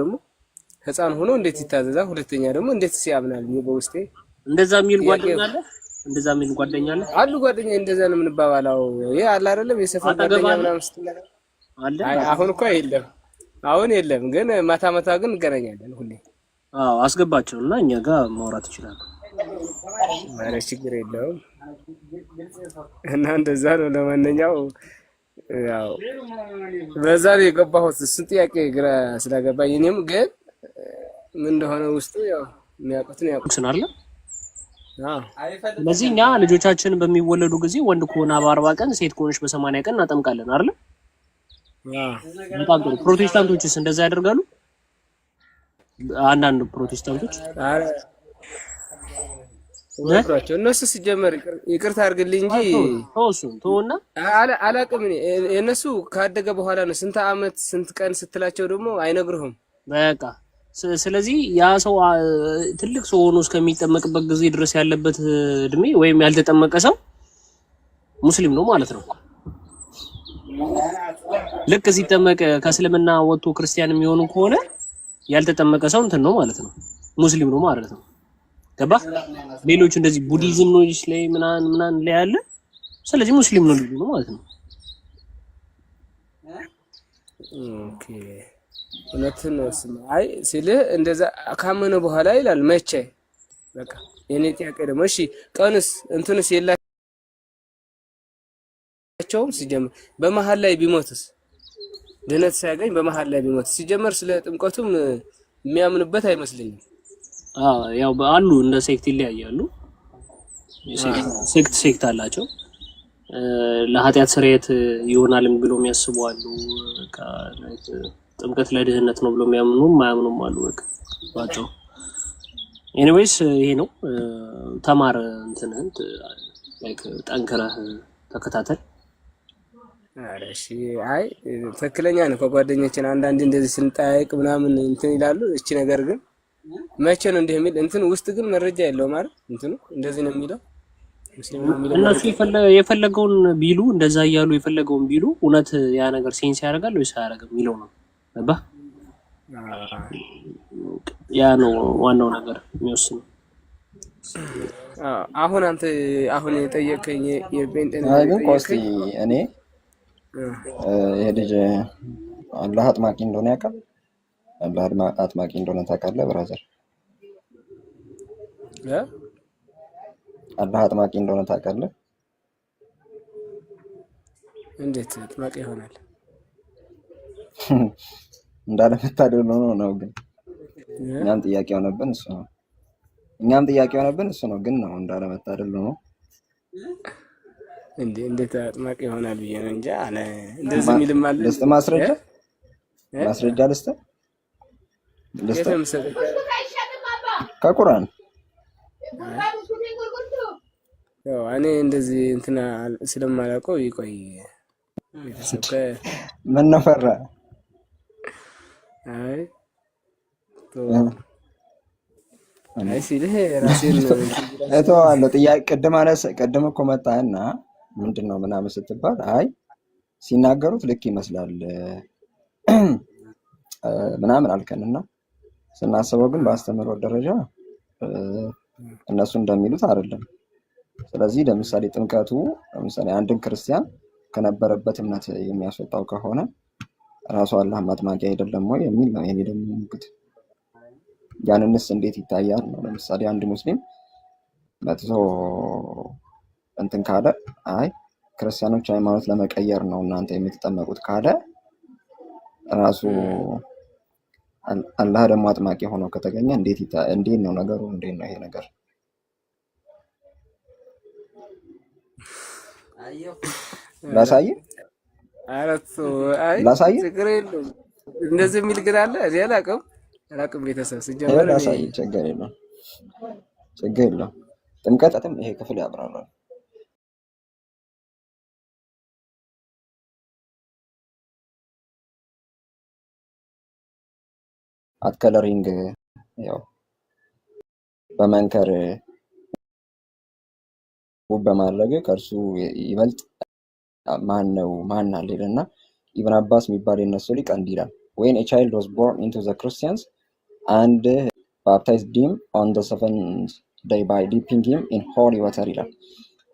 ደግሞ ህፃን ሆኖ እንዴት ይታዘዛል? ሁለተኛ ደግሞ እንዴት ሲያምናል? በውስጤ እንደዛ የሚል ጓደኛ አለ እንደዛ የሚል ጓደኛ አለ አሉ ጓደኛ እንደዛ ነው የምንባባላው። ይሄ አለ አይደለም የሰፈር ጓደኛ ምናምን ስትላለ አለ። አሁን እኮ የለም አሁን የለም፣ ግን ማታ ማታ ግን እንገናኛለን ሁሌ። አዎ አስገባቸው እና እኛ ጋር ማውራት ይችላሉ። ማለት ችግር የለውም እና እንደዛ ነው ለማንኛው በዛ ነው የገባሁት። እሱን ጥያቄ ግራ ስለገባኝ እኔም ግን ምን እንደሆነ ውስጡ ያው የሚያውቁትን ያውቁትን አለ። ስለዚህ እኛ ልጆቻችን በሚወለዱ ጊዜ ወንድ ከሆነ በአርባ ቀን ሴት ከሆነች በሰማንያ ቀን እናጠምቃለን አይደል? በጣም ጥሩ። ፕሮቴስታንቶችስ እንደዛ ያደርጋሉ? አንዳንድ ፕሮቴስታንቶች እመክሯቸው እነሱ ሲጀመር ይቅርታ አድርግልኝ እንጂ ተውና አላቅም። እነሱ ካደገ በኋላ ነው ስንት አመት ስንት ቀን ስትላቸው ደግሞ አይነግርህም። በቃ ስለዚህ ያ ሰው ትልቅ ሰው ሆኖ እስከሚጠመቅበት ጊዜ ድረስ ያለበት እድሜ ወይም ያልተጠመቀ ሰው ሙስሊም ነው ማለት ነው። ልክ ሲጠመቅ ከእስልምና ወጥቶ ክርስቲያን የሚሆኑ ከሆነ ያልተጠመቀ ሰው እንትን ነው ማለት ነው፣ ሙስሊም ነው ማለት ነው። ገባ ሌሎቹ እንደዚህ ቡዲዝም ነው ላይ ምናን ምናን ላይ አለ። ስለዚህ ሙስሊም ነው ልጁ ነው ማለት ነው። ኦኬ ነው። እውነትን አይ ሲልህ እንደዛ ካመነ በኋላ ይላል መቼ በቃ የኔ ጥያቄ ደግሞ እሺ ቀንስ እንትንስ የላቸውም ሲጀምር በመሀል ላይ ቢሞትስ ድነት ሳያገኝ በመሀል ላይ ቢሞት ሲጀመር ስለ ጥምቀቱም የሚያምንበት አይመስለኝም። ያው አሉ እንደ ሴክት ይለያያሉ። ሴክት ሴክት አላቸው። ለኃጢአት ስርየት ይሆናልም ብሎ የሚያስቡ አሉ። ጥምቀት ለድህነት ነው ብሎ የሚያምኑ ማያምኑም አሉ። ባቸው ኤኒዌይስ ይሄ ነው። ተማር እንትንህን ላይክ ጠንክረህ ተከታተል። እሺ አይ ትክክለኛ ነው። ከጓደኞችን አንዳንድ እንደዚህ ስንጠያየቅ ምናምን እንትን ይላሉ። እቺ ነገር ግን መቼ ነው እንዲህ የሚል እንትን ውስጥ ግን መረጃ የለውም አይደል? እንትኑ እንደዚህ ነው የሚለው። እነሱ የፈለገውን ቢሉ እንደዛ እያሉ የፈለገውን ቢሉ እውነት ያ ነገር ሴንስ ያደርጋል ወይስ አያደርግም የሚለው ነው። አባ ያ ነው ዋናው ነገር የሚወስነው። አሁን አንተ አሁን የጠየቀኝ የጴንጤ ነገር ቆስቲ እኔ ይሄ ልጅ አላህ አጥማቂ እንደሆነ ያውቃል አጥማቂ እንደሆነ ታውቃለህ ብራዘር? አላህ አጥማቂ እንደሆነ ታውቃለህ? እንዴት አጥማቂ ይሆናል? እንዳለመታደል ሆኖ ነው። ግን እኛም ጥያቄ ሆነብን እሱ ነው። እኛም ጥያቄ ሆነብን እሱ ነው። ግን ነው እንዳለመታደል ሆኖ እንዴ እንዴት አጥማቂ ይሆናል ብዬ ነው እንጂ አለ። እንደዚህ የሚልም አለ። ልስጥ ማስረጃ ማስረጃ ልስጥ ከቁርአን እኔ እንደዚህ እንትና ስለማላውቀው ይቆይ። ምን አይ አይ ሲልህ ራሴን እተዋለሁ። ጥያቄ ቅድም አነሰ ቅድም እኮ መጣህና ምንድን ነው ምናምን ስትባል አይ ሲናገሩት ልክ ይመስላል ምናምን አልከንና ስናስበው ግን በአስተምህሮት ደረጃ እነሱ እንደሚሉት አይደለም። ስለዚህ ለምሳሌ ጥምቀቱ ለምሳሌ አንድን ክርስቲያን ከነበረበት እምነት የሚያስወጣው ከሆነ ራሱ አላህ ማጥማቂ አይደለም ወይ የሚል ነው። ይሄ ደግሞ እንግዲህ ያንንስ እንዴት ይታያል ነው። ለምሳሌ አንድ ሙስሊም መጥቶ እንትን ካለ አይ ክርስቲያኖች ሃይማኖት ለመቀየር ነው እናንተ የምትጠመቁት ካለ ራሱ አላህ ደግሞ አጥማቂ ሆኖ ከተገኘ እንዴት እንዴት ነው ነገሩ? እንዴት ነው ይሄ ነገር? ላሳይ ላሳይ፣ ችግር የለውም። እንደዚህ የሚል ግን አለ። እኔ አላውቅም አላውቅም። ቤተሰብ ስጀምር ላሳይ፣ ችግር የለውም። ችግር የለውም። ጥምቀትም ይሄ ክፍል ያብራራል። አትከለሪንግ ያው በመንከር ውብ በማድረግ ከእርሱ ይበልጥ ማን ነው ማን አለ ይልና ኢብን አባስ የሚባል የነሱ ሊቅ እንዲህ ይላል ወይን ቻይልድ ዋስ ቦርን ኢንቱ ዘ ክርስቲያንስ አንድ ባፕታይዝ ዲም ኦን ዘ ሰቨንት ዴይ ባይ ዲፒንግ ሂም ኢን ሆሊ ወተር ይላል።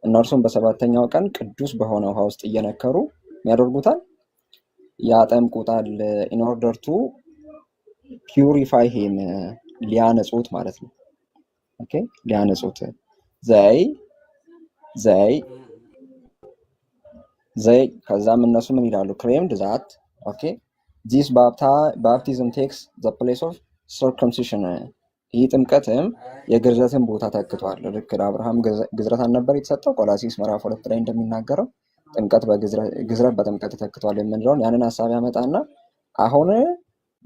እነርሱም በሰባተኛው ቀን ቅዱስ በሆነ ውሃ ውስጥ እየነከሩ ያደርጉታል ያጠምቁታል ኢን ኦርደር ቱ ፒውሪፋይ ሂም ሊያነጹት ማለት ነው። ኦኬ ሊያነጹት ዘይ ዘይ ዘይ ከዛም እነሱ ምን ይላሉ? ክሬምድ ዛት ኦኬ ዚስ ባፕቲዝም ቴክስ ዘ ፕሌስ ኦፍ ሰርክምሲሽን ይህ ጥምቀትም የግርዘትን ቦታ ተክቷል። ልክ ለአብርሃም ግዝረት አልነበር የተሰጠው? ቆላሲስ ምዕራፍ ሁለት ላይ እንደሚናገረው ጥምቀት በግዝረት በጥምቀት ተክቷል የምንለውን ያንን ሀሳብ ያመጣና አሁን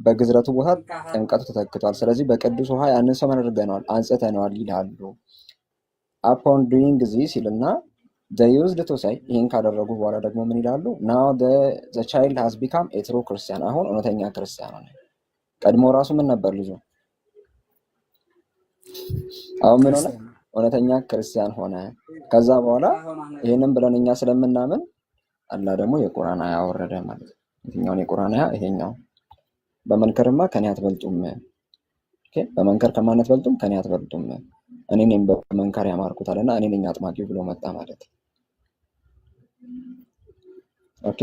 በግዝረቱ ቦታ ጥምቀቱ ተተክቷል። ስለዚህ በቅዱስ ውሃ ያንን ሰው ምን አድርገነዋል? አንጽተነዋል ይላሉ። አፖን ዱይንግ ዚስ ይልና ዩዝ ልትሳይ ይህን ካደረጉ በኋላ ደግሞ ምን ይላሉ? ናው ዘ ቻይልድ ሃዝ ቢካም ኤ ትሩ ክርስቲያን፣ አሁን እውነተኛ ክርስቲያን ሆነ። ቀድሞ ራሱ ምን ነበር? ልጁ አሁን ምን ሆነ? እውነተኛ ክርስቲያን ሆነ። ከዛ በኋላ ይህንን ብለን እኛ ስለምናምን አላ ደግሞ የቁራን አያ ማለት ነው። የትኛውን የቁራን አያ? ይሄኛው በመንከርማ ከኔ አትበልጡም። በመንከር ከማን አትበልጡም? ከኔ አትበልጡም። እኔ ነኝ በመንከር ያማርኩታል እና እኔ ነኝ አጥማቂው ብሎ መጣ ማለት ኦኬ።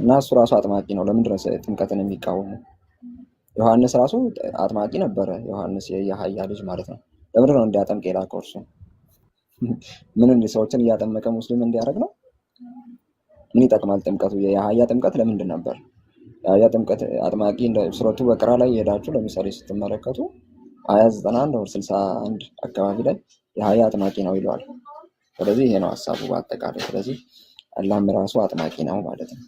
እና እሱ ራሱ አጥማቂ ነው። ለምንድን ነው ጥምቀትን የሚቃወሙ? ዮሐንስ ራሱ አጥማቂ ነበረ። ዮሐንስ የአህያ ልጅ ማለት ነው። ለምንድን ነው እንዲያጠምቅ የላከው? እርሱ ምን ሰዎችን እያጠመቀ ሙስሊም እንዲያደርግ ነው? ምን ይጠቅማል ጥምቀቱ? የአህያ ጥምቀት ለምንድን ነበር የአያ ጥምቀት አጥማቂ ሱረቱ በቅራ ላይ የሄዳችሁ ለምሳሌ ስትመለከቱ ሀያ ዘጠና አንድ ወር ስልሳ አንድ አካባቢ ላይ የሀያ አጥማቂ ነው ይለዋል። ስለዚህ ይሄ ነው ሀሳቡ በአጠቃላይ። ስለዚህ አላህም ራሱ አጥማቂ ነው ማለት ነው።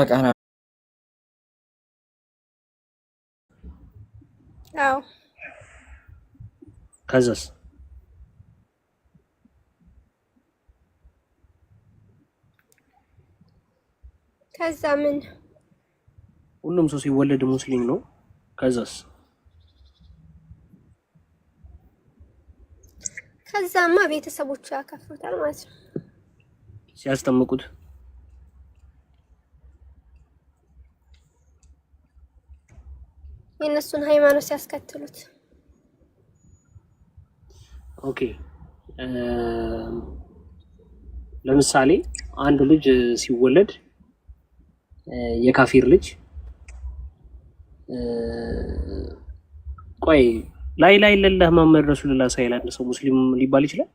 በቃ ከዛስ ከዛ ምን ሁሉም ሰው ሲወለድ ሙስሊም ነው። ከዛስ ከዛማ ቤተሰቦቹ ያከፍሉታል ማለት ነው ሲያስጠምቁት የእነሱን ሃይማኖት ሲያስከትሉት። ኦኬ ለምሳሌ አንድ ልጅ ሲወለድ የካፊር ልጅ ቆይ ላይ ላይ ለላህ መሐመድ ረሱልላህ ሳይል አንድ ሰው ሙስሊም ሊባል ይችላል?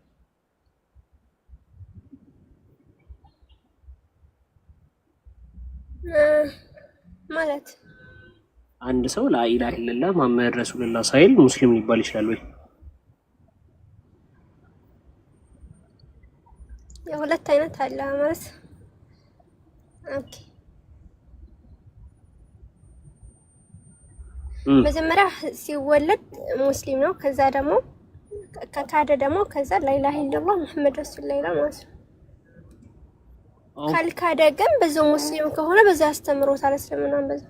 ማለት አንድ ሰው ላይ ላይ ለላህ መሐመድ ረሱልላህ ሳይል ሙስሊም ሊባል ይችላል ወይ? የሁለት አይነት አለ ማለት ኦኬ መጀመሪያ ሲወለድ ሙስሊም ነው። ከዛ ደግሞ ከካደ ደግሞ ከዛ ላይላ ኢላላ መሐመድ ረሱል ላይላ ማለት ነው። ካልካደ ግን ብዙ ሙስሊም ከሆነ በዛ ያስተምሮታል እስልምናን በዛ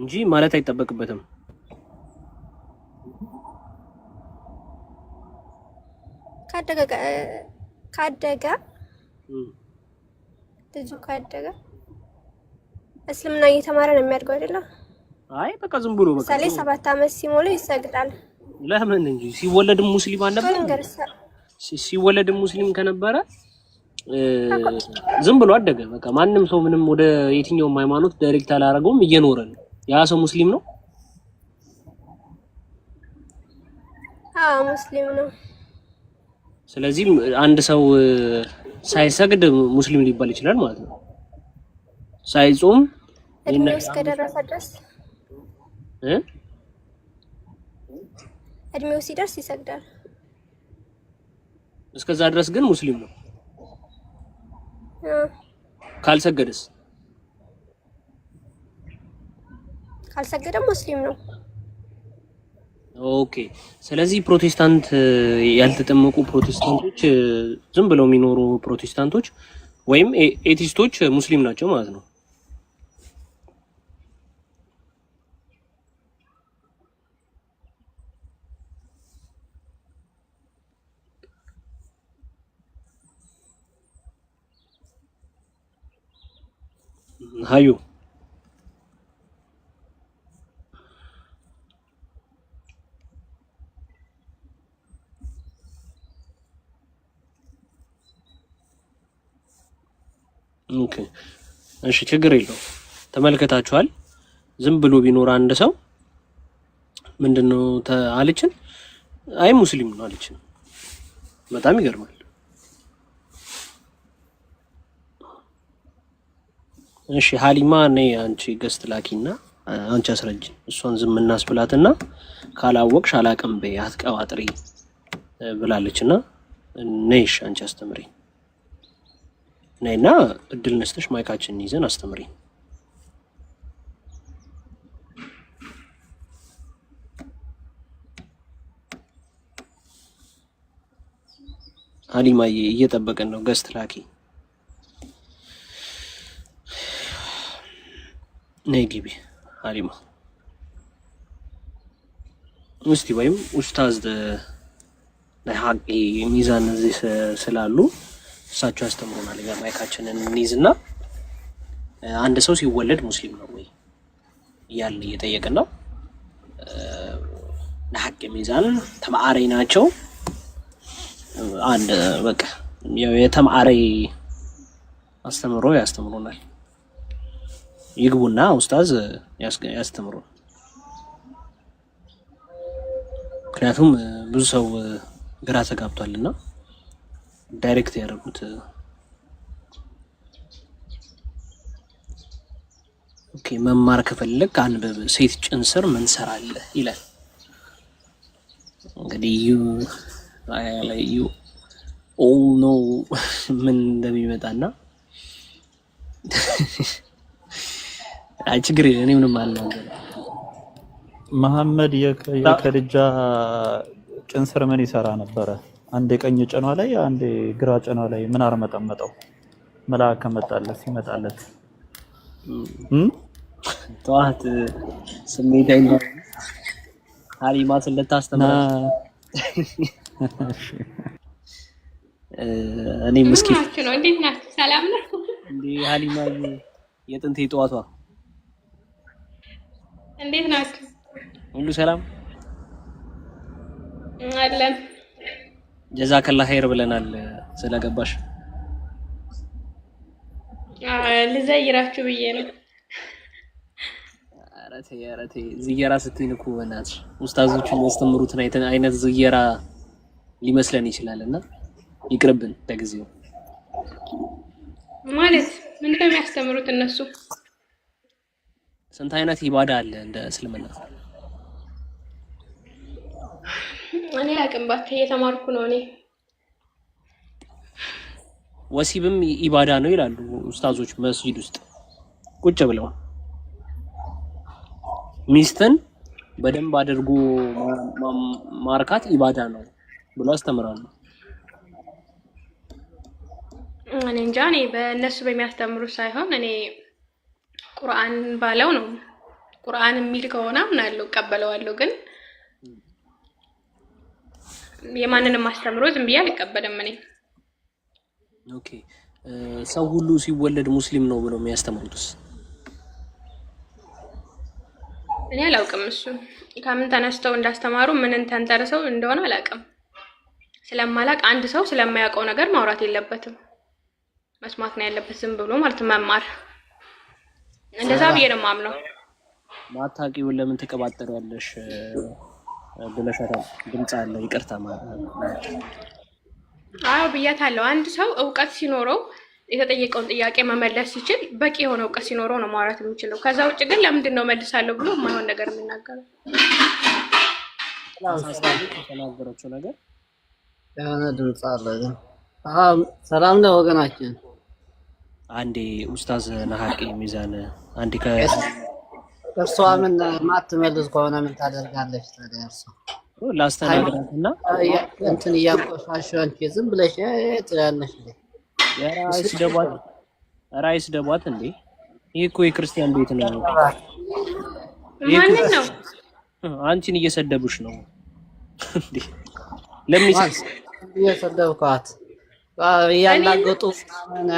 እንጂ ማለት አይጠበቅበትም። ካደገ ካደገ ልጁ ካደገ እስልምና እየተማረ ነው የሚያድገው አይደለም። አይ በቃ ዝም ብሎ በቃ ሰሌ ሰባት አመት ሲሞላ ይሰግዳል። ለምን እንጂ ሲወለድም ሙስሊም አልነበረ ሲወለድም ሙስሊም ከነበረ ዝም ብሎ አደገ። በቃ ማንም ሰው ምንም ወደ የትኛውም ሃይማኖት ዳይሬክት አላደረገውም፣ እየኖረ ነው። ያ ሰው ሙስሊም ነው። አዎ ሙስሊም ነው። ስለዚህ አንድ ሰው ሳይሰግድ ሙስሊም ሊባል ይችላል ማለት ነው። ሳይጾም እድሜው እስከደረሰ ድረስ እድሜው ሲደርስ ይሰግዳል። እስከዛ ድረስ ግን ሙስሊም ነው። ካልሰገደስ? ካልሰገደም ሙስሊም ነው። ኦኬ። ስለዚህ ፕሮቴስታንት ያልተጠመቁ ፕሮቴስታንቶች፣ ዝም ብለው የሚኖሩ ፕሮቴስታንቶች ወይም ኤቲስቶች ሙስሊም ናቸው ማለት ነው። ሀዩ ኦኬ እሺ፣ ችግር የለው። ተመልከታችኋል። ዝም ብሎ ቢኖር አንድ ሰው ምንድነው አለችን? አይ ሙስሊም ነው አለችን። በጣም ይገርማል። እሺ ሀሊማ እኔ አንቺ ገስት ላኪና አንቺ አስረጅ እሷን ዝም እናስብላትና ካላወቅሽ አላቅም በይ አትቀባጥሪ ብላለች እና ነይሽ አንቺ አስተምሪ ነይና እድል ነስተሽ ማይካችንን ይዘን አስተምሪ ሀሊማዬ እየጠበቀን ነው ገስት ላኪ ነይ ግቢ ሀሊማ እስቲ ወይም ኡስታዝ ላይ ሀቂ ሚዛን እዚህ ስላሉ እሳቸው ያስተምሩናል። እኛ ማይካችንን እንይዝና አንድ ሰው ሲወለድ ሙስሊም ነው ወይ እያልን እየጠየቅን ነው። ለሀቅ ሚዛን ተማአሪ ናቸው። አንድ በቃ የተማአሪ አስተምሮ ያስተምሩናል። ይግቡና ኡስታዝ ያስተምሩ። ምክንያቱም ብዙ ሰው ግራ ተጋብቷልና ዳይሬክት ያደረጉት ኦኬ መማር ከፈለግ አንብብ፣ ሴት ስር ምን ሰራለህ ይላል። እንግዲህ ዩ ዩ ኦል ኖ ምን እንደሚመጣና አይ ችግር የለም። እኔ ምንም አለ መሐመድ የከልጃ ጭንስር ምን ይሰራ ነበረ? አንዴ ቀኝ ጭኗ ላይ አንዴ ግራ ጭኗ ላይ ምን አርመጠመጠው? መልአክ ከመጣለት ሲመጣለት ጠዋት ስሜት አይነ ሀሊማ ስለታስተምራ እኔ ምስኪ ነው። እንዴት ናችሁ? ሰላም ነው እንዴ ሀሊማ የጥንት የጠዋቷ እንዴት ናችሁ? ሁሉ ሰላም አለን። ጀዛከላ ኸይር ብለናል ስለገባሽ። ልዘይራችሁ ብዬ ነው። ኧረ ተይ ኧረ ተይ ዝየራ ስትይን እኮ በእናትሽ ኡስታዞቹ የሚያስተምሩትን አይነት ዝየራ ሊመስለን ይችላል እና ይቅርብን ለጊዜው። ማለት ምንድነው የሚያስተምሩት እነሱ? ስንት አይነት ኢባዳ አለ እንደ እስልምና? እኔ አቅም እየተማርኩ ነው። እኔ ወሲብም ኢባዳ ነው ይላሉ ኡስታዞች መስጂድ ውስጥ ቁጭ ብለው ሚስትን በደንብ አድርጎ ማርካት ኢባዳ ነው ብሎ አስተምራሉ። እኔ እንጃ እኔ በእነሱ በሚያስተምሩ ሳይሆን እኔ ቁርአን ባለው ነው። ቁርአን የሚል ከሆነ አምናለሁ፣ እቀበለዋለሁ። ግን የማንንም አስተምሮ ዝም ብዬ አልቀበልም እኔ። ኦኬ ሰው ሁሉ ሲወለድ ሙስሊም ነው ብለው የሚያስተምሩትስ እኔ አላውቅም። እሱ ከምን ተነስተው እንዳስተማሩ ምንን ተንተርሰው እንደሆነ አላውቅም። ስለማላውቅ አንድ ሰው ስለማያውቀው ነገር ማውራት የለበትም። መስማት ነው ያለበት፣ ዝም ብሎ ማለት መማር እንደዛ ብዬ ነው የማምነው። ለምን ትቀባጠሪያለሽ ብለሻታል። ድምፅ አለ ይቅርታ ማለት አዎ ብያታለሁ። አንድ ሰው እውቀት ሲኖረው የተጠየቀውን ጥያቄ መመለስ ሲችል በቂ የሆነ እውቀት ሲኖረው ነው ማውራት የሚችለው። ከዛ ውጭ ግን ለምንድን ነው መልሳለሁ ብሎ የማይሆን ነገር የሚናገረው? የተናገረችው ነገር ድምፅ አለ። ሰላም ለወገናችን አንዴ ኡስታዝ ነሀቂ ሚዛን አንዴ እርሷ ምን ማትመልስ ከሆነ ምን ታደርጋለች ታዲያ? እርሷ ላስተናግዳት እንትን እያንቆሻሸንች ዝም ብለሽ ትላለች። ራይስ ደቧት፣ ራይስ ደቧት። እንዴ ይህ እኮ የክርስቲያን ቤት ነው። ማንን ነው? አንቺን እየሰደቡሽ ነው። ለምን እየሰደብኳት እያላገጡ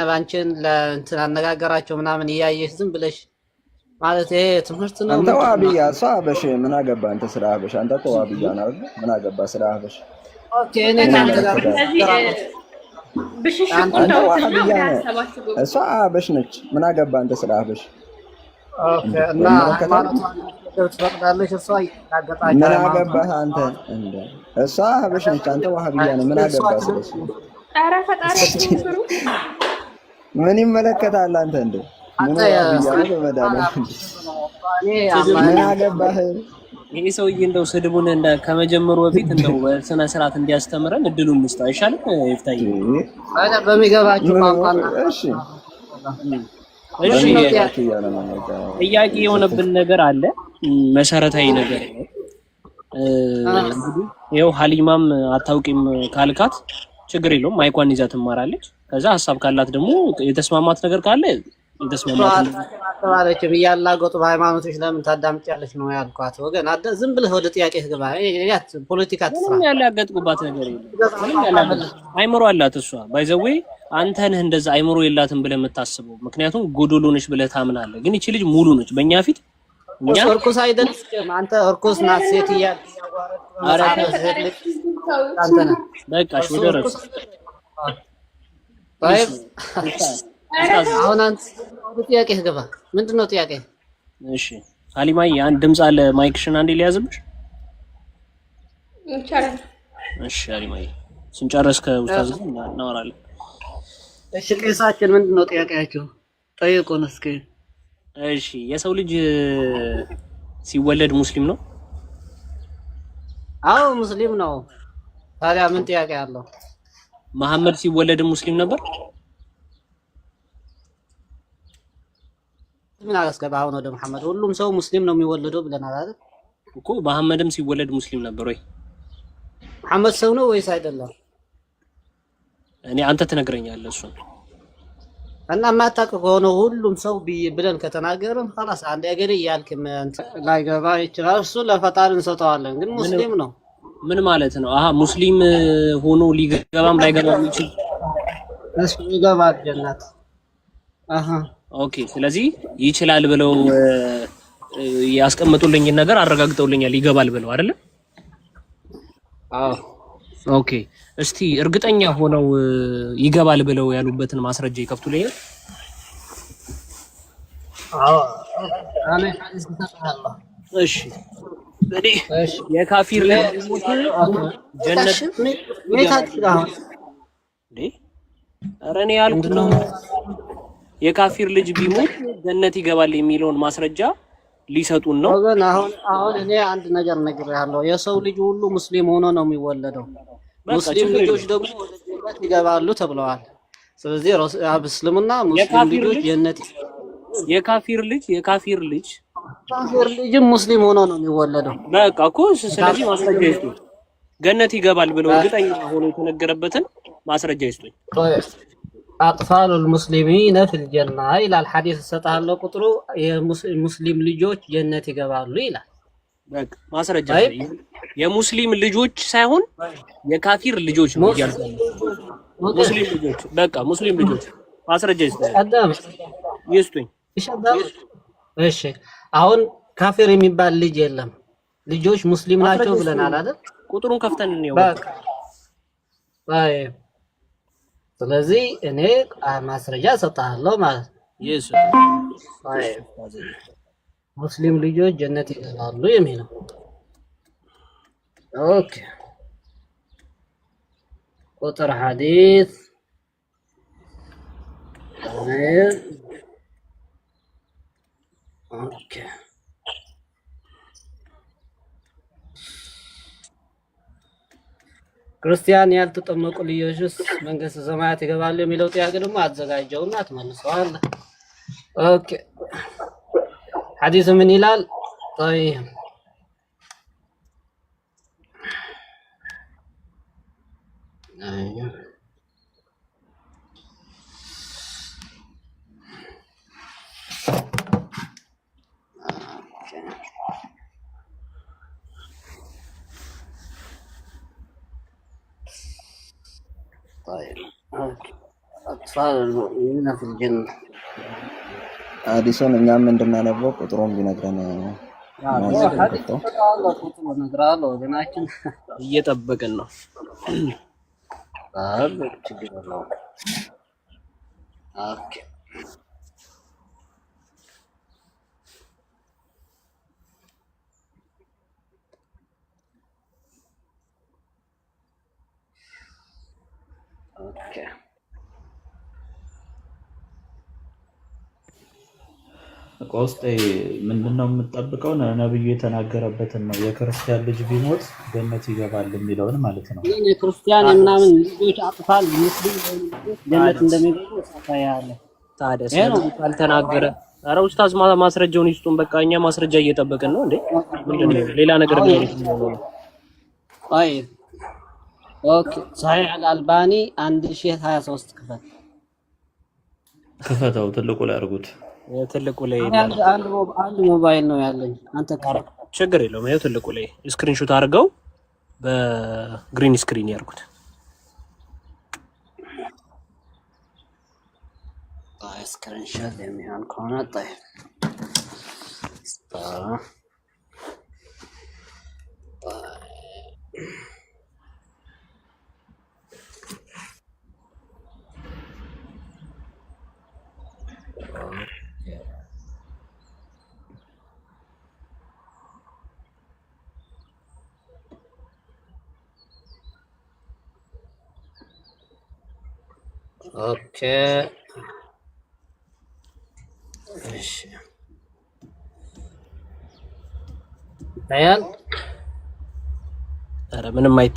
ባንችን ለእንትን አነጋገራቸው ምናምን እያየሽ ዝም ብለሽ ማለት ይሄ ትምህርት ነው። አንተ ዋህብያ እሷ አበሽ ምን አገባ? አንተ ስለ አበሽ አንተ እኮ ዋህብያ ናት። ምን አገባ ስለ አበሽ? እሷ አበሽ ነች። ምን አገባ አንተ ስለ አበሽ? ምን አገባ አንተ? እሷ አበሽ ነች። አንተ ዋህብያ ነው። ምን አገባ ስለሱ? ኧረ ፈጣሪ ምን ይመለከታል? አንተ እንደ ምን አገባህ? ይሄ ሰውዬ እንደው ስድቡን ከመጀመሩ በፊት እንደው በስነ ስርዓት እንዲያስተምረን እድሉን እንስጥ አይሻልም? ይፍታይ በሚገባችሁ እሺ ጥያቄ የሆነብን ነገር አለ። መሰረታዊ ነገር ነው። ይኸው ሀሊማም አታውቂም ካልካት ችግር የለውም። ማይኳን ይዛ ትማራለች። ከዛ ሀሳብ ካላት ደግሞ የተስማማት ነገር ካለ የተስማማት ተባለች ብያላ በሃይማኖቶች ለምን ታዳምጫለች ነው ያልኳት። ወገን ዝም ብለህ ወደ ጥያቄ ትግባ። ፖለቲካ ምንም ያላገጥኩባት ነገር የለም። አይምሮ አላት እሷ ባይዘዌ አንተ ነህ እንደዛ አይምሮ የላትም ብለህ የምታስበው ምክንያቱም ጎዶሎ ነች ብለህ ታምናለህ። ግን ይቺ ልጅ ሙሉ ነች በእኛ ፊት እርኩስ አይደለችም። አንተ እርኩስ ናት ሴት እያል በቃሽ ወደ አሁን አንተ ጥያቄ ገባ። ምንድን ነው ጥያቄ? እሺ ሀሊማዬ አንድ ድምፅ አለ። ማይክሽን አንዴ ሊያዝብሽ። እሺ ሀሊማዬ ስንጨርስ ከኡስታዝ እናወራለን። እሺ ቄሳችን ምንድን ነው ጥያቄያችሁ? ጠይቁን እስኪ። እሺ የሰው ልጅ ሲወለድ ሙስሊም ነው? አዎ ሙስሊም ነው። ታዲያ ምን ጥያቄ አለው? መሐመድ ሲወለድ ሙስሊም ነበር? ምን አላስገባ አሁን ወደ መሐመድ ሁሉም ሰው ሙስሊም ነው የሚወለደው ብለናል አይደል እኮ። መሐመድም ሲወለድ ሙስሊም ነበር ወይ? መሐመድ ሰው ነው ወይስ አይደለም? እኔ አንተ ትነግረኛለህ እሱን እና የማታውቅ ከሆነ ሁሉም ሰው ብለን ከተናገርን ላስ አንድ ገሌ እያልክ ላይገባ ይችላል። እሱ ለፈጣሪ እንሰጠዋለን፣ ግን ሙስሊም ነው ምን ማለት ነው? አሀ ሙስሊም ሆኖ ሊገባም ላይገባም የሚችል እሱ ይገባል ጀነት። አሀ ኦኬ። ስለዚህ ይችላል ብለው ያስቀምጡልኝን ነገር አረጋግጠውልኛል ይገባል ብለው አይደለ? አዎ። ኦኬ። እስቲ እርግጠኛ ሆነው ይገባል ብለው ያሉበትን ማስረጃ ይከፍቱልኝ። አዎ። እሺ የካፊር ረኔ ያልኩት ነው። የካፊር ልጅ ቢሞት ገነት ይገባል የሚለውን ማስረጃ ሊሰጡን ነው። አሁን አሁን እኔ አንድ ነገር ነግሬሃለሁ። የሰው ልጅ ሁሉ ሙስሊም ሆኖ ነው የሚወለደው። ሙስሊም ልጆች ደግሞ ወደ ገነት ይገባሉ ተብለዋል። ስለዚህ እስልምና ሙስሊም ልጆች ገነት የካፊር ልጅ የካፊር ልጅ እግዚአብሔር ልጅም ሙስሊም ሆኖ ነው የሚወለደው። በቃ እኮ ስለዚህ ማስረጃ ይስጡኝ። ገነት ይገባል ብለው እርግጠኛ ሆኖ የተነገረበትን ማስረጃ ይስጡኝ። አጥፋሉል ሙስሊሚነ ፊል ጀና ይላል ሐዲስ እሰጥሃለሁ። ቁጥሩ የሙስሊም ልጆች ጀነት ይገባሉ ይላል። በቃ ማስረጃ የሙስሊም ልጆች ሳይሆን የካፊር ልጆች ነው ያልኩት። ሙስሊም ልጆች በቃ ሙስሊም ልጆች ማስረጃ ይስጡኝ። ይስጡኝ። እሺ አሁን ካፌር የሚባል ልጅ የለም። ልጆች ሙስሊም ናቸው ብለናል አይደል? ቁጥሩን ከፍተን ነው ስለዚህ እኔ ማስረጃ ሰጣለሁ ማለት ነው። ሙስሊም ልጆች ጀነት ይገባሉ የሚለው ኦኬ። ቁጥር ሐዲስ Okay. ክርስቲያን ያልተጠመቁ ልጆችስ መንግስተ ሰማያት ይገባሉ የሚለው ጥያቄ ደግሞ አዘጋጀውና ትመልሰዋለህ። ኦኬ ሐዲሱ ምን ይላል? طيب አይ أطفال المؤمنين في الجنة አዲሱን እኛም እንድናነበው ቁጥሩን ቢነግረን ቁጥሩ እየጠበቅን ነው። ችግር ነው። ኦኬ Okay. እቃ ውስጥ ምንድን ነው የምጠብቀው? ነብዩ የተናገረበትን ነው። የክርስቲያን ልጅ ቢሞት ገነት ይገባል የሚለውን ማለት ነው። የክርስቲያን ምናምን ልጆች አጥፋል ሙስሊም ገነት እንደሚገቡ ያለ ታዲያ ካልተናገረ፣ ኧረ ኡስታዝ ማስረጃውን ይስጡን። በቃ እኛ ማስረጃ እየጠበቅን ነው እንዴ? ሌላ ነገር ነው። ኦኬ ሳሂህ አልባኒ 1023 ክፈት ክፈተው። ትልቁ ላይ አድርጉት። ትልቁ ላይ አንድ ሞባይል ነው ያለኝ። አንተ ችግር የለውም። ይኸው ትልቁ ላይ ስክሪንሾት አድርገው በግሪን ስክሪን ያድርጉት። ስክሪንሾት የሚሆን ከሆነ ጣይ banget Oke. Okay. Ayan. Ada mana mai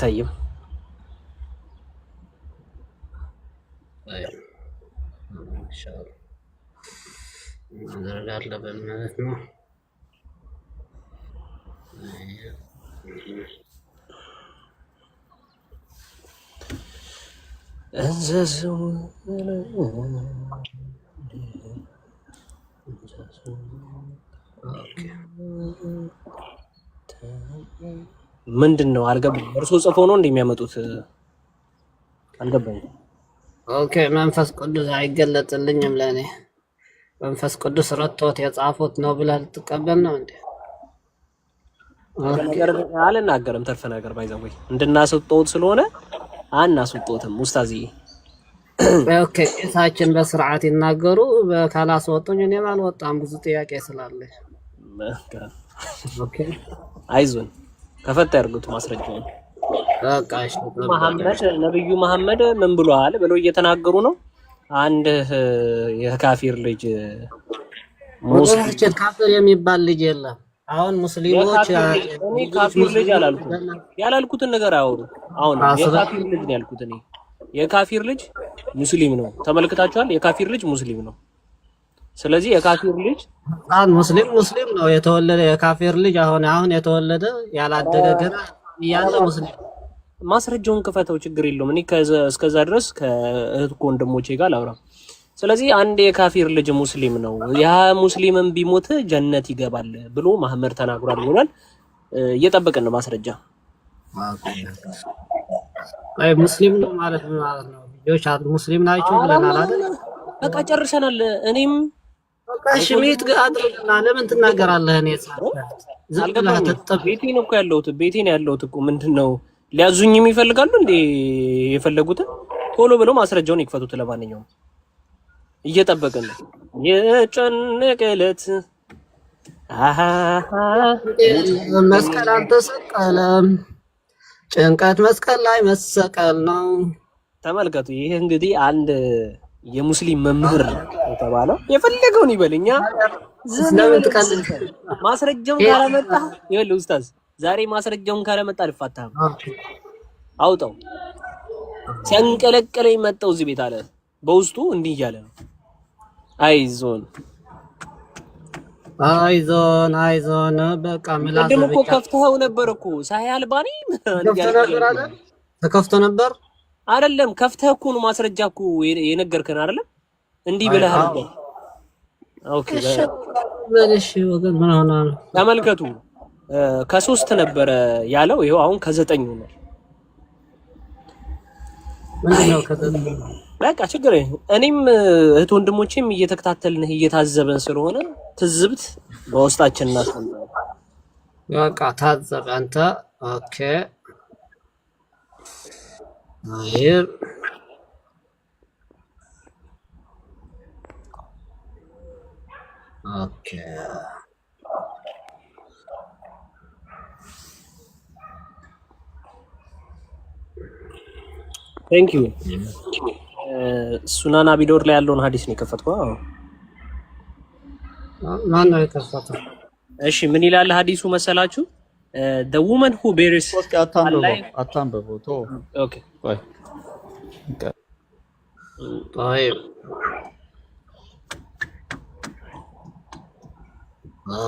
ምንድን ነው አልገባኝ። እርሶ ጽፎ ነው እንደሚያመጡት አልገባኝ። ኦኬ መንፈስ ቅዱስ አይገለጥልኝም ለእኔ መንፈስ ቅዱስ ረቶት የጻፉት ነው ብለህ ልትቀበል ነው እንዴ? አልናገርም። ተርፈ ነገር ወይ እንድናስወጣውት ስለሆነ አናስወጣውትም። ኡስታዚ ኦኬ፣ ጌታችን በስርዓት ይናገሩ። ካላስወጡኝ እኔም አልወጣም ብዙ ጥያቄ ስላለኝ። ኦኬ አይዞን ከፈታ ያርጉት ማስረጃ ነው። መሐመድ ነብዩ መሐመድ ምን ብሏል ብሎ እየተናገሩ ነው። አንድ የካፊር ልጅ ሙስሊም ካፊር የሚባል ልጅ የለም። አሁን ሙስሊሞች ካፊር ልጅ አላልኩ። ያላልኩትን ነገር አውሩ። አሁን የካፊር ልጅ ነው ያልኩት እኔ። የካፊር ልጅ ሙስሊም ነው። ተመልክታችኋል። የካፊር ልጅ ሙስሊም ነው። ስለዚህ የካፊር ልጅ ጻን ሙስሊም ሙስሊም ነው የተወለደ የካፊር ልጅ አሁን አሁን የተወለደ ያላደገ ገና እያለ ሙስሊም ማስረጃውን ክፈተው፣ ችግር የለውም። እኔ እስከዛ ድረስ ከእህት ወንድሞቼ ጋር ላውራ። ስለዚህ አንድ የካፊር ልጅ ሙስሊም ነው፣ ያ ሙስሊምም ቢሞት ጀነት ይገባል ብሎ ማህመድ ተናግሯል ይሆናል። እየጠበቅን ማስረጃ። አይ ሙስሊም ነው ማለት ነው ማለት ነው። ልጆች ሙስሊም ናቸው ብለናል አይደል? በቃ ጨርሰናል። እኔም እሺ ሚት ጋር አድርግና ለምን ትናገራለህ? እኔ ቤቴን እኮ ያለሁት ቤቴን ያለሁት እኮ ምንድን ነው ሊያዙኝ የሚፈልጋሉ እንዴ? የፈለጉትን ቶሎ ብለው ማስረጃውን ይክፈቱት። ለማንኛውም እየጠበቅን ነው። የጨነቀለት መስቀል አልተሰቀለም። ጭንቀት መስቀል ላይ መሰቀል ነው። ተመልከቱ። ይህ እንግዲህ አንድ የሙስሊም መምህር ነው የተባለው የፈለገውን ይበልኛ ማስረጃውን ካለመጣ ይበል ኡስታዝ፣ ዛሬ ማስረጃውን ካለመጣ አልፋታህም። አውጣው። ሲያንቀለቀለኝ መጣው እዚህ ቤት አለ። በውስጡ እንዲህ እያለ ነው አይዞን አይዞን አይዞን በቃ ምላስ ደግሞ እኮ ከፍተኸው ነበር እኮ ሳይ አልባኒ ተከፍቶ ነበር አይደለም? ከፍተህ እኮ ነው ማስረጃ እኮ የነገርከን አይደለም? እንዲህ ብለሃል። ኦኬ ወገን ምን ሆነ? ተመልከቱ። ከሶስት ነበረ ያለው ይኸው አሁን ከዘጠኝ ሆኗል። በቃ ችግር እኔም እህት ወንድሞቼም እየተከታተልን እየታዘበን ስለሆነ ትዝብት በውስጣችን እና በቃ ታዘበ አንተ ኦኬ አይር okay ቴንክ ዩ ሱናን አቢዶር ላይ ያለውን ሀዲስ ነው የከፈትኩት። ማን ነው የከፈተው? እሺ ምን ይላል ሀዲሱ መሰላችሁ? Eh, the woman who bears አታንብቦ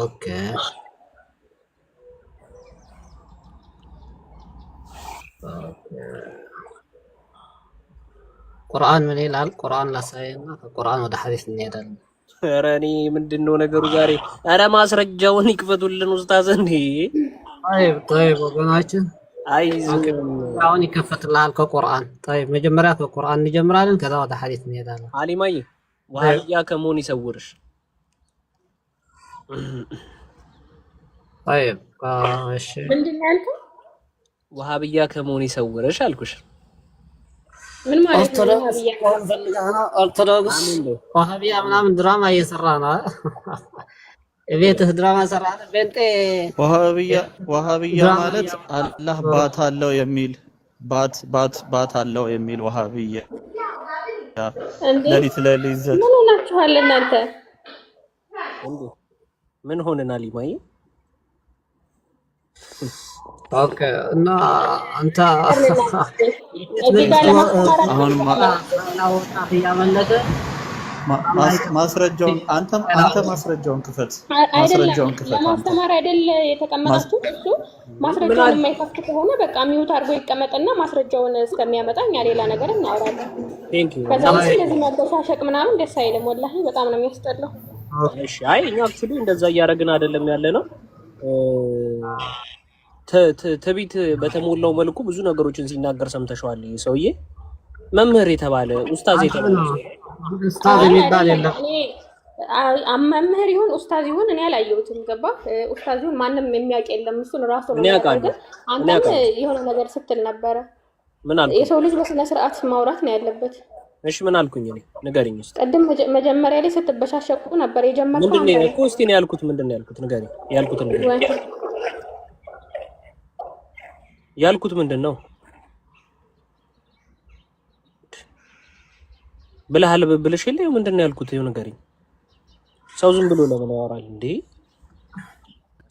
okay ቁርአን ምን ይላል? ቁርአን ላሳየና ከቁርአን ወደ ሐዲስ እንሄዳለን። ኧረ እኔ ምንድን ነው ነገሩ ዛሬ? ኧረ ማስረጃውን ይክፈቱልን ኡስታዝ። እንዴ طيب ወገናችን አሁን ይከፈትልሃል ከቁርአን። طيب መጀመሪያ ከቁርአን እንጀምራለን፣ ከዛ ወደ ሐዲስ እንሄዳለን። አሊማዬ ዋህያ ከመሆን ይሰውርሽ። طيب እሺ ምንድን ነው ያልከው? ወሃብያ ከመሆን ይሰውረሽ አልኩሽ። ምን ማለት ነው? ኦርቶዶክስ ወሃብያ ምናምን ድራማ እየሰራ ነው። ቤትህ ድራማ ሰራ። ቤንጤ ወሃብያ ወሃብያ ማለት አላህ ባት አለው የሚል ባት ባት ባት አለው የሚል ወሃብያ ለሊት ለሊት ዘ ምን ሆናችኋል እናንተ? ምን ሆነናል? ሊማዬ ኦኬ። እና አንተ ማስረጃውን አንተ አንተ ማስረጃውን ክፈት። ማስረጃውን ክፈት። ለማስተማር አይደል የተቀመጣችሁ? እሱ ማስረጃውን የማይከፍት ከሆነ በቃ ሚውት አድርጎ ይቀመጥና ማስረጃውን እስከሚያመጣ እኛ ሌላ ነገር እናወራለን። ከዛ ውስጥ መበሻሸቅ ምናምን ደስ አይልም። ወላሂ በጣም ነው የሚያስጠላው። እሺ። አይ እኛ አክቹሊ እንደዛ እያደረግን አይደለም ያለ ነው። ትዕቢት በተሞላው መልኩ ብዙ ነገሮችን ሲናገር ሰምተሸዋል። ሰውዬ መምህር የተባለ ኡስታዝ የተባለ ኡስታዝ የሚባል የለም መምህር ይሁን ኡስታዝ ይሁን እኔ አላየሁትም። ገባ ኡስታዝ ይሁን ማንም የሚያውቅ የለም። እሱን ራሱ ነው አንተም የሆነ ነገር ስትል ነበረ። የሰው ልጅ በስነ ስርዓት ማውራት ነው ያለበት። እሺ ምን አልኩኝ? እኔ ንገሪኝ እስኪ። ቅድም መጀመሪያ ላይ ስትበሻሸቁ ነበር የጀመርከው። ምንድን ነው እኮ እስኪ ያልኩት? ምንድን ነው ያልኩት? ንገሪኝ። ያልኩት ያልኩት ምንድን ነው ብለሃል ብልሽ የለ ምንድን ነው ያልኩት? ይኸው ንገሪኝ። ሰው ዝም ብሎ ለምን ያወራል እንዴ?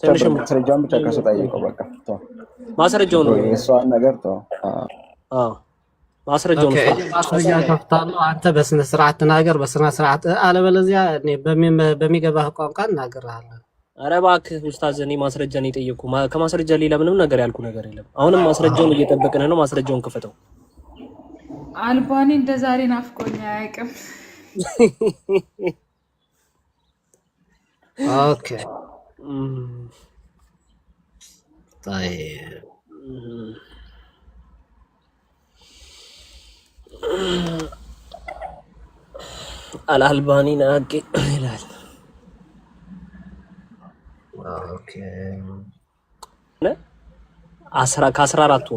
ትንሽ ማስረጃውን ብቻ ከሰጠየቀው በቃ ማስረጃው ነው የእሷን ነገር ተው። አዎ ማስረጃ ከፍታለሁ። አንተ በስነ ስርዓት ተናገር፣ በስነ ስርዓት አለበለዚያ እኔ በሚገባህ ቋንቋ እናገርሃለሁ። እባክህ ኡስታዝ፣ እኔ ማስረጃ ነው ከማስረጃ ሌላ ምንም ነገር ያልኩ ነገር የለም። አሁንም ማስረጃውን እየጠበቅን ነው። ማስረጃውን ክፈተው። አልባኒ እንደ ዛሬ ናፍቆኝ አያውቅም። ኦኬ አልአልባኒ ናቄ ይላል። ከአስራ አራቱ